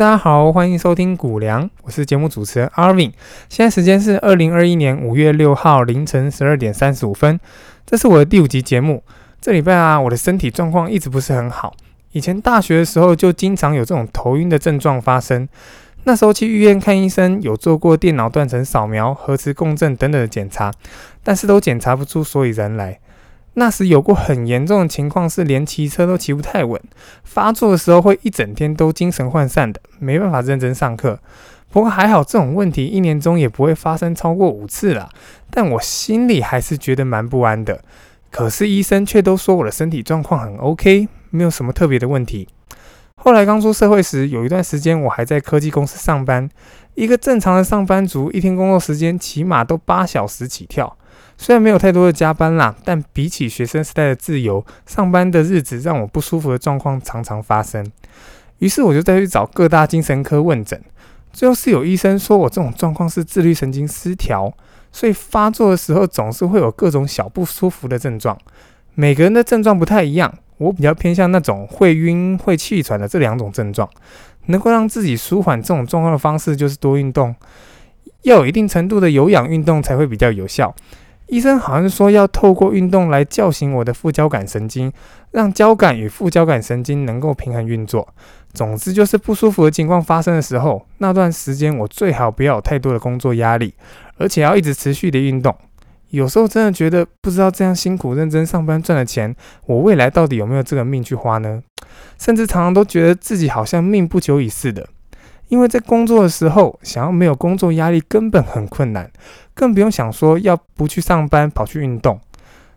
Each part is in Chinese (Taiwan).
大家好，歡迎收聽《股量》。我是節目主持人 Arvin。現在時間是二零二一年五月六號凌晨十二點三十五分，這是我的第五集節目。這禮拜啊，我的身體狀況一直不是很好，以前大學的時候就經常有這種頭暈的症狀發生。那時候去醫院看醫生，有做過電腦斷層掃描、核磁共振等等的檢查，但是都檢查不出所以然來。那時有過很嚴重的情況，是連騎車都騎不太穩。發作的時候會一整天都精神渙散的，沒辦法認真上課。不過還好，這種問題一年中也不會發生超過五次啦。但我心裡還是覺得蠻不安的。可是醫生卻都說我的身體狀況很 OK，沒有什麼特別的問題。後來剛出社會時，有一段時間我還在科技公司上班。一個正常的上班族，一天工作時間起碼都八小時起跳。雖然沒有太多的加班啦，但比起學生時代的自由，上班的日子讓我不舒服的狀況常常發生。於是我就再去找各大精神科問診，最後是有醫生說我這種狀況是自律神經失調，所以發作的時候總是會有各種小不舒服的症狀。每個人的症狀不太一樣，我比較偏向那種會暈、會氣喘的這兩種症狀。能夠讓自己舒緩這種狀況的方式就是多運動，要有一定程度的有氧運動才會比較有效。醫生好像說要透過運動來叫醒我的副交感神經，讓交感與副交感神經能夠平衡運作。總之就是不舒服的情況發生的時候，那段時間我最好不要有太多的工作壓力，而且要一直持續的運動。有時候真的覺得不知道這樣辛苦認真上班賺的錢，我未來到底有沒有這個命去花呢？甚至常常都覺得自己好像命不久矣似的。因為在工作的時候，想要沒有工作壓力根本很困難，更不用想說要不去上班，跑去運動。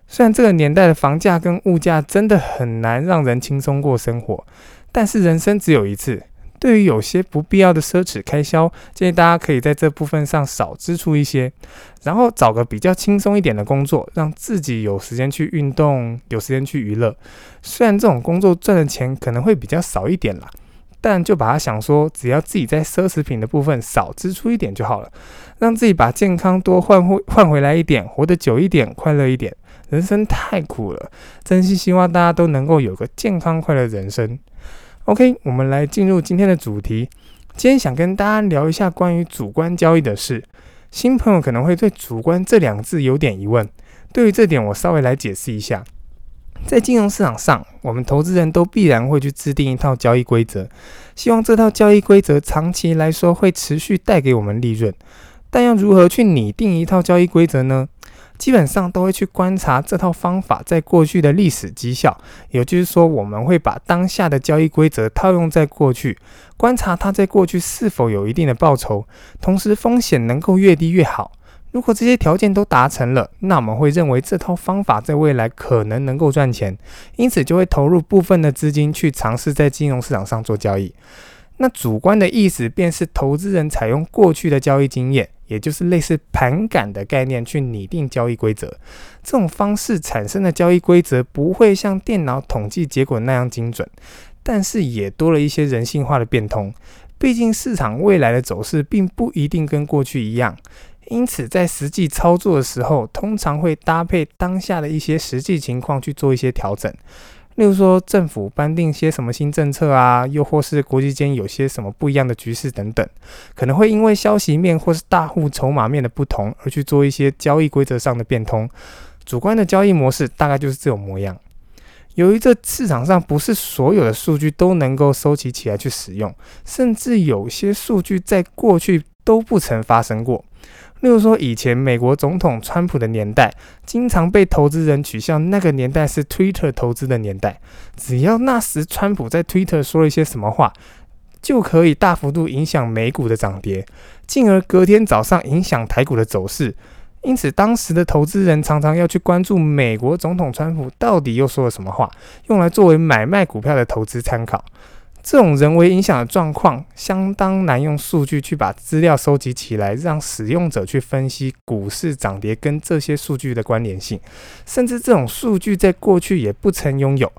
雖然這個年代的房價跟物價真的很難讓人輕鬆過生活，但是人生只有一次，對於有些不必要的奢侈開銷，建議大家可以在這部分上少支出一些，然後找個比較輕鬆一點的工作，讓自己有時間去運動，有時間去娛樂。雖然這種工作賺的錢可能會比較少一點啦。但就把它想說，只要自己在奢侈品的部分少支出一點就好了，讓自己把健康多換回換回來一點，活得久一點，快樂一點。人生太苦了，真心希望大家都能夠有個健康快樂的人生。OK，我們來進入今天的主題。今天想跟大家聊一下關於主觀交易的事。新朋友可能會對“主觀”這兩個字有點疑問，對於這點，我稍微來解釋一下。在金融市場上，我們投資人都必然會去制定一套交易規則，希望這套交易規則長期來說會持續帶給我們利潤。但要如何去擬定一套交易規則呢？基本上都會去觀察這套方法在過去的歷史績效，也就是說，我們會把當下的交易規則套用在過去，觀察它在過去是否有一定的報酬，同時風險能夠越低越好。如果這些條件都達成了，那我們會認為這套方法在未來可能能夠賺錢，因此就會投入部分的資金去嘗試在金融市場上做交易。那主觀的意思便是投資人採用過去的交易經驗，也就是類似盤感的概念去擬定交易規則。這種方式產生的交易規則不會像電腦統計結果那樣精準，但是也多了一些人性化的變通。畢竟市場未來的走勢並不一定跟過去一樣。因此，在實際操作的時候，通常會搭配當下的一些實際情況去做一些調整。例如說，政府頒定些什麼新政策啊，又或是國際間有些什麼不一樣的局勢等等，可能會因為消息面或是大戶籌碼面的不同，而去做一些交易規則上的變通。主觀的交易模式大概就是這種模樣。由於這市場上不是所有的數據都能夠收集起來去使用，甚至有些數據在過去都不曾發生過。例如說，以前美國總統川普的年代，經常被投資人取笑，那個年代是 Twitter 投資的年代。只要那時川普在 Twitter 說了一些什麼話，就可以大幅度影響美股的漲跌，進而隔天早上影響台股的走勢。因此，當時的投資人常常要去關注美國總統川普到底又說了什麼話，用來作為買賣股票的投資參考。這種人為影響的狀況相當難用數據去把資料收集起來，讓使用者去分析股市漲跌跟這些數據的關聯性，甚至這種數據在過去也不曾擁有，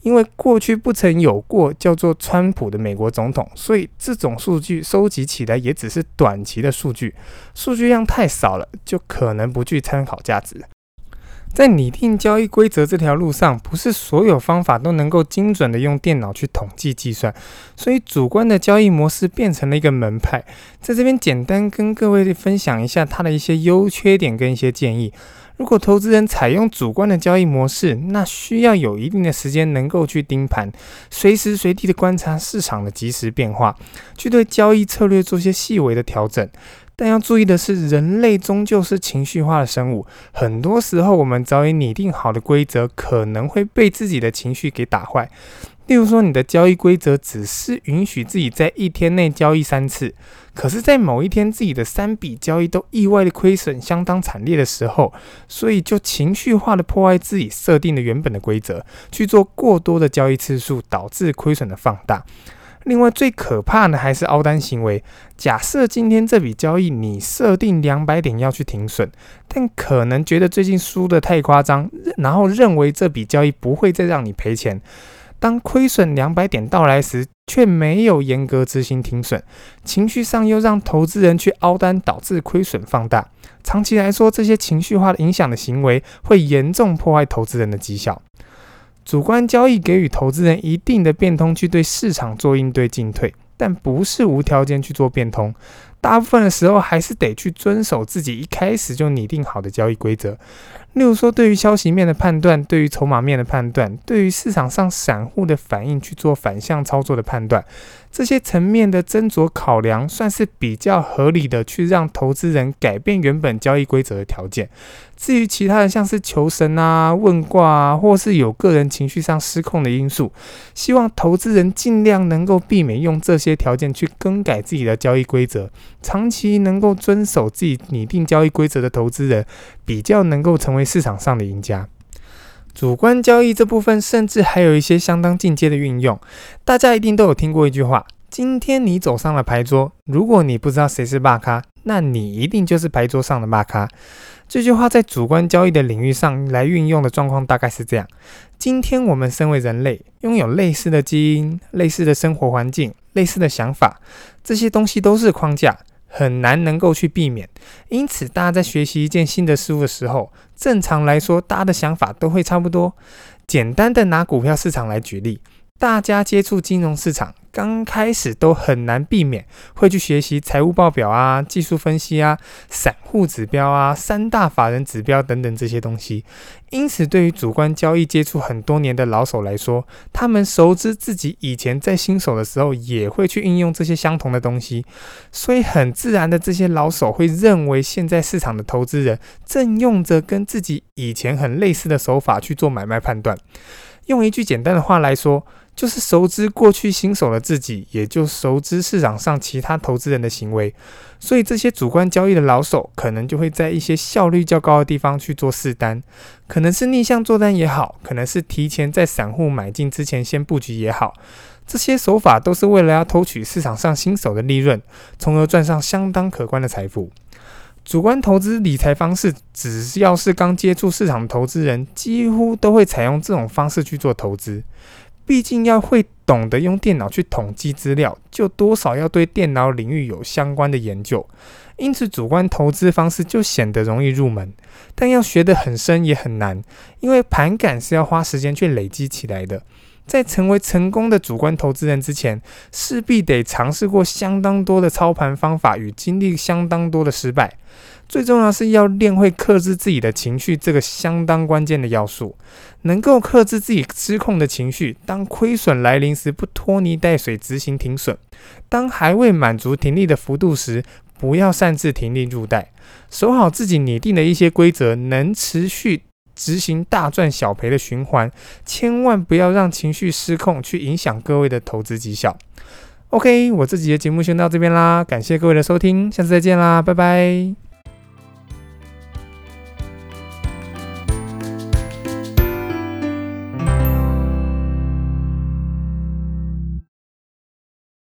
因為過去不曾有過叫做川普的美國總統，所以這種數據收集起來也只是短期的數據，數據量太少了，就可能不具參考價值。在擬定交易規則這條路上，不是所有方法都能夠精準的用電腦去統計計算，所以主觀的交易模式變成了一個門派。在這邊簡單跟各位分享一下它的一些優缺點跟一些建議。如果投資人採用主觀的交易模式，那需要有一定的時間能夠去盯盤，隨時隨地的觀察市場的即時變化，去對交易策略做些細微的調整。但要注意的是，人類終究是情緒化的生物。很多時候，我們早已擬定好的規則，可能會被自己的情緒給打壞。例如說，你的交易規則只是允許自己在一天內交易三次，可是，在某一天自己的三筆交易都意外的虧損，相當慘烈的時候，所以就情緒化的破壞自己設定的原本的規則，去做過多的交易次數，導致虧損的放大。另外，最可怕的還是凹單行為。假設今天這筆交易你設定兩百點要去停損，但可能覺得最近輸得太誇張，然後認為這筆交易不會再讓你賠錢。當虧損兩百點到來時，却沒有嚴格執行停損，情緒上又讓投資人去凹單，導致虧損放大。長期來說，這些情緒化的影響的行為會嚴重破壞投資人的績效。主觀交易給予投資人一定的變通去對市場做應對進退，但不是無條件去做變通。大部分的時候還是得去遵守自己一開始就擬定好的交易規則，例如說對於消息面的判斷，對於籌碼面的判斷，對於市場上散戶的反應去做反向操作的判斷，這些層面的斟酌考量算是比較合理的去讓投資人改變原本交易規則的條件。至於其他的像是求神啊、問卦啊，或是有個人情緒上失控的因素，希望投資人盡量能夠避免用這些條件去更改自己的交易規則。長期能夠遵守自己擬定交易規則的投資人，比較能夠成為市場上的贏家。主觀交易這部分，甚至還有一些相當進階的運用。大家一定都有聽過一句話：今天你走上了牌桌，如果你不知道誰是大咖，那你一定就是牌桌上的大咖。這句話在主觀交易的領域上來運用的狀況大概是這樣：今天我們身為人類，擁有類似的基因，類似的生活環境。類似的想法，這些東西都是框架，很難能夠去避免。因此，大家在學習一件新的事物的時候，正常來說，大家的想法都會差不多。簡單的拿股票市場來舉例，大家接觸金融市場。剛開始都很難避免會去學習財務報表啊、技術分析啊、散戶指標啊、三大法人指標等等這些東西。因此，對於主觀交易接觸很多年的老手來說，他們熟知自己以前在新手的時候也會去應用這些相同的東西。所以，很自然的，這些老手會認為現在市場的投資人正用着跟自己以前很類似的手法去做買賣判斷。用一句簡單的話來說，就是熟知過去新手的自己，也就熟知市場上其他投資人的行為，所以這些主觀交易的老手，可能就會在一些效率較高的地方去做試單，可能是逆向做單也好，可能是提前在散戶買進之前先布局也好，這些手法都是為了要偷取市場上新手的利潤，從而賺上相當可觀的財富。主觀投資理財方式，只要是剛接觸市場的投資人，幾乎都會採用這種方式去做投資。畢竟要會懂得用電腦去統計資料，就多少要對電腦領域有相關的研究，因此主觀投資方式就顯得容易入門，但要學得很深也很難，因為盤感是要花時間去累積起來的，在成為成功的主觀投資人之前，勢必得嘗試過相當多的操盤方法與經歷相當多的失敗。最重要是要練會克制自己的情緒，這個相當關鍵的要素。能夠克制自己失控的情緒，當虧損來臨時不拖泥帶水執行停損；當還未滿足停利的幅度時，不要擅自停利入袋。守好自己擬定的一些規則，能持續執行大賺小賠的循環。千萬不要讓情緒失控去影響各位的投資績效。OK，我自己的節目先到這邊啦，感謝各位的收聽，下次再見啦，拜拜。